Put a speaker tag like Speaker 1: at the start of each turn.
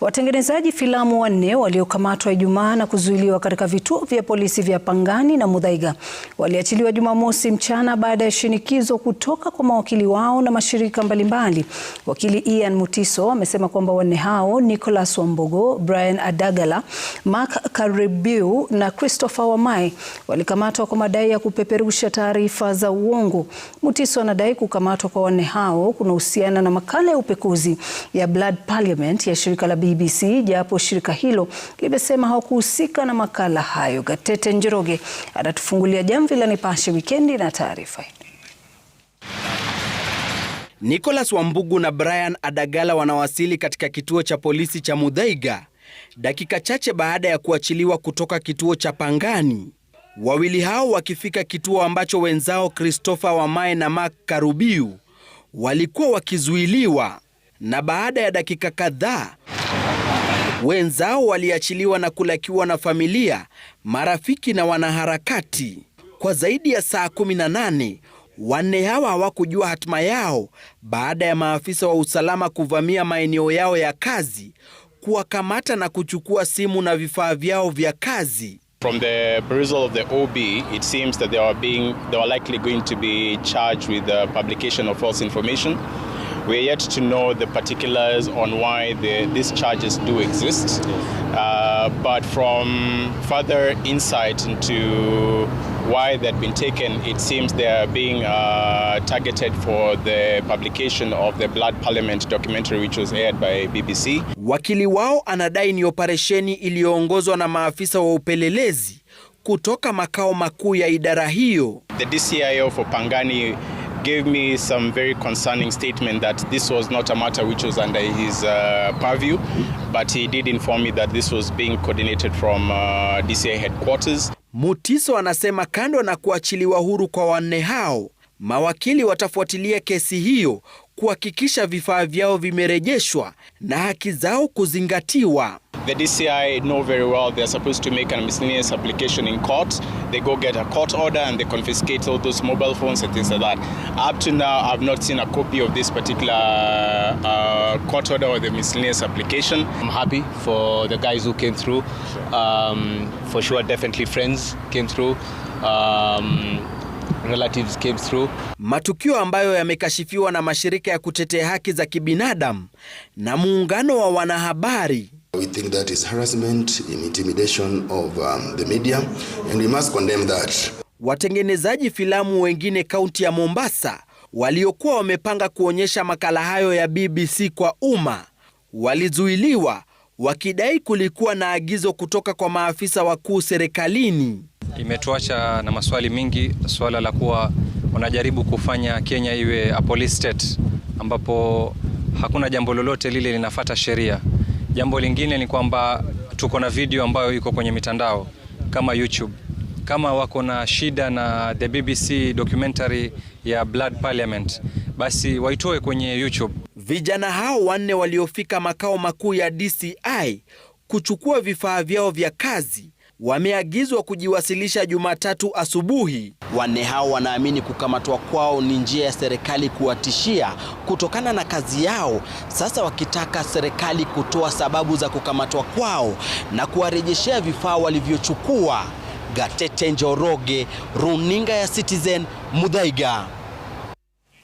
Speaker 1: Watengenezaji filamu wanne waliokamatwa Ijumaa na kuzuiliwa katika vituo vya polisi vya Pangani na Muthaiga waliachiliwa Jumamosi mchana baada ya shinikizo kutoka kwa mawakili wao na mashirika mbalimbali. Wakili Ian Mutiso amesema kwamba wanne hao Nicholas Wambogo, Brian Adagala, Mark Karibiu na Christopher Wamai walikamatwa kwa madai ya kupeperusha taarifa za uongo. Mutiso anadai kukamatwa kwa wanne hao kunahusiana na makala ya upekuzi ya Blood Parliament ya shirika la BBC japo shirika hilo limesema hawakuhusika na makala hayo. Gatete Njoroge anatufungulia jamvi la Nipashe Wikendi na taarifa hii.
Speaker 2: Nicholas Wambugu na Brian Adagala wanawasili katika kituo cha polisi cha mudhaiga dakika chache baada ya kuachiliwa kutoka kituo cha Pangani. Wawili hao wakifika kituo ambacho wenzao Christopher Wamae na Mark Karubiu walikuwa wakizuiliwa, na baada ya dakika kadhaa Wenzao waliachiliwa na kulakiwa na familia, marafiki na wanaharakati kwa zaidi ya saa 18. Wanne hawa hawakujua hatima yao baada ya maafisa wa usalama kuvamia maeneo yao ya kazi, kuwakamata na kuchukua simu na vifaa vyao vya kazi.
Speaker 3: From the perusal of the OB, it seems that they were being, they were likely going to be charged with the publication of false information. We're yet to know the particulars on why the, these charges do exist, uh, but from further insight into why they've been taken, it seems they are being uh, targeted for the publication of the Blood Parliament documentary which was aired by BBC.
Speaker 2: Wakili wao anadai ni operesheni iliyoongozwa na maafisa wa upelelezi kutoka makao makuu ya idara hiyo.
Speaker 3: The DCIO for Pangani gave me some very concerning statement that this was not a matter which was under his uh, purview, but he did inform me that this was being coordinated from uh, DCI headquarters.
Speaker 2: Mutiso anasema kando na kuachiliwa huru kwa wanne hao, mawakili watafuatilia kesi hiyo kuhakikisha vifaa vyao vimerejeshwa na haki zao kuzingatiwa.
Speaker 3: The DCI know very well they're supposed to make a miscellaneous application in court. They go get a court order and they confiscate all those mobile phones and things like that. Up to now, I've not seen a copy of this particular uh, court order or the miscellaneous application. I'm happy for the guys who came through. Um, for sure, definitely friends came through. Um, relatives came through.
Speaker 2: Matukio ambayo yamekashifiwa na mashirika ya kutetea haki za kibinadamu na muungano wa wanahabari.
Speaker 4: We think that is harassment, intimidation of um, the media and we must condemn that.
Speaker 2: Watengenezaji filamu wengine kaunti ya Mombasa waliokuwa wamepanga kuonyesha makala hayo ya BBC kwa umma walizuiliwa wakidai kulikuwa na agizo kutoka kwa maafisa wakuu serikalini
Speaker 5: imetuacha na maswali mingi, swala la kuwa wanajaribu kufanya Kenya iwe a police state ambapo hakuna jambo lolote lile linafata sheria. Jambo lingine ni kwamba tuko na video ambayo iko kwenye mitandao kama YouTube. Kama wako na shida na the BBC documentary ya Blood Parliament, basi waitoe kwenye YouTube.
Speaker 2: Vijana hao wanne waliofika makao makuu ya DCI kuchukua vifaa vyao vya kazi wameagizwa kujiwasilisha Jumatatu asubuhi. Wanne hao wanaamini kukamatwa kwao ni njia ya serikali kuwatishia kutokana na kazi yao, sasa wakitaka serikali kutoa sababu za kukamatwa kwao na kuwarejeshea vifaa walivyochukua. Gatete Njoroge, runinga ya Citizen, Mudhaiga.